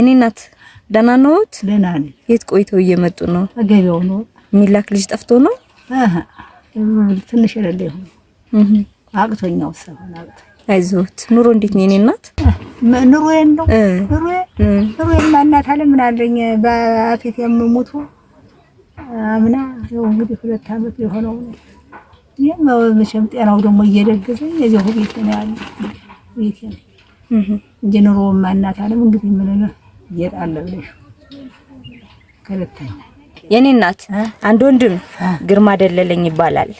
እኔ ናት ደህና ነዎት? ደህና ነኝ። የት ቆይተው እየመጡ ነው? ገበያው ነው ሚላክ ልጅ ጠፍቶ ነው? አሃ ትንሽ ረለ ይሁን እህ አቅቶኛው ሰሆን አቅቶ አይዞት። ኑሮ እንዴት ነው? እኔ ናት ኑሮ ነው ኑሮ ኑሮ እናት አለ ምን አለኝ በአፌት የምሙቱ አምና ያው እንግዲህ ሁለት አመት የሆነው ነው። ያው መቼም ጤናው ደግሞ እየደገሰኝ የዚህ ቤት ነው ያለው ቤት ነው እንጂ ኑሮማ እናት አለም እንግዲህ ምን ነው ጌጥ አለ ብለሽ ከለተኝ። የኔ እናት አንድ ወንድም ግርማ ደለለኝ ይባላል።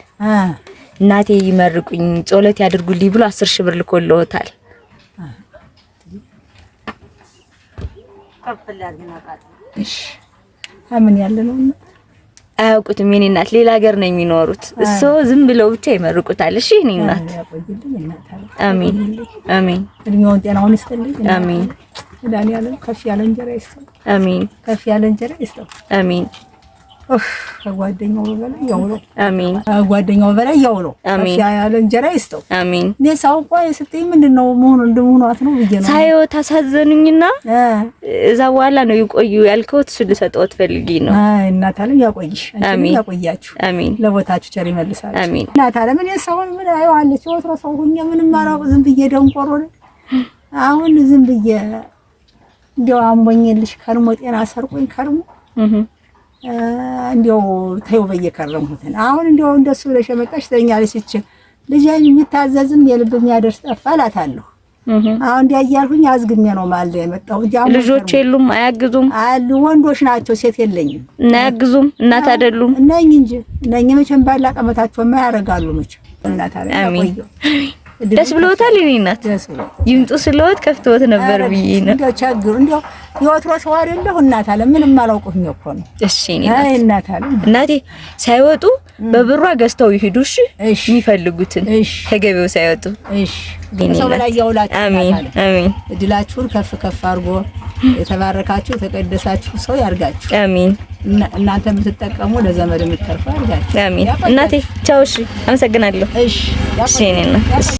እናቴ ይመርቁኝ ጸሎት ያድርጉልኝ ብሎ አስር ሺህ ብር ልኮልዎታል። ምን ያለ ነው? አያውቁትም። የኔ እናት ሌላ ሀገር ነው የሚኖሩት። እሱ ዝም ብለው ብቻ ይመርቁታል። እሺ የኔ እናት አሜን አሜን። እድሜውን ጤናውን ይስጥልኝ። አሜን መድኃኒዓለም ከፍ ያለ እንጀራ ይስጠው። አሜን። ከፍ ያለ እንጀራ ይስጠው። አሜን። ከጓደኛው በላይ ያውለው። አሜን። ከጓደኛው በላይ ያውለው። ከፍ ያለ እንጀራ ይስጠው። አሜን። እኔ ሳው እንኳን የሰጠኝ ምንድን ነው መሆኑ እንደመሆኗት ነው ብዬ ነው ሳየው ታሳዘኑኝና እዛ በኋላ ነው ይቆዩ ያልከውት እሱ ልሰጠውት ፈልጊ ነው። አይ እናት ዓለም ያቆይሽ። አሜን። ያቆያችሁ። አሜን። ለቦታችሁ ቸር ይመልሳችሁ። አሜን። እናት ዓለም እኔ ሳውን ምን አየዋለች ወትሮ ሰው ሁኜ ምንም አላውቅ ዝም ብዬ ደንቆሮ አሁን ዝም ብዬ እንዲያው አምቦኝልሽ ከርሞ ጤና ሰርቆኝ ከርሞ እንዲያው ተይው በየከረምሁትን አሁን እንዲያው እንደሱ ብለሽ የመጣሽ ትለኛለች። ስትችል ልጅ የሚታዘዝም የልብ የሚያደርስ ጠፋ እላታለሁ። አሁን እንዲያ እያልኩኝ አዝግሜ ነው ማለት የመጣሁ። ልጆች የሉም አያግዙም አሉ። ወንዶች ናቸው፣ ሴት የለኝም። እና አያግዙም እናት አይደሉም ነኝ እንጂ እነኝ መቼም ባላቀመታቸው ማያረጋሉ መቼም እናት አሜን። ደስ ብሎታል። እኔ እናት ይምጡ ስለወት ከፍተወት ነበር ብዬ ነው። እንደው ቸግሩ እንደው የወትሮ ሰው አይደለሁ እናት አለ ምንም አላውቅም እኮ ነው። እሺ እኔ እናት አለ እናቴ ሳይወጡ በብሯ ገዝተው ይሄዱ። እሺ የሚፈልጉትን ከገበያው ሳይወጡ። እሺ ሰው ላይ ያውላችሁ። አሜን አሜን። እድላችሁን ከፍ ከፍ አድርጎ የተባረካችሁ የተቀደሳችሁ ሰው ያርጋችሁ። አሜን። እናንተ የምትጠቀሙ ለዘመድ የምትተርፉ አድርጋችሁ። አሜን እናቴ። ቻው። እሺ አመሰግናለሁ። እሺ እሺ እኔ እናት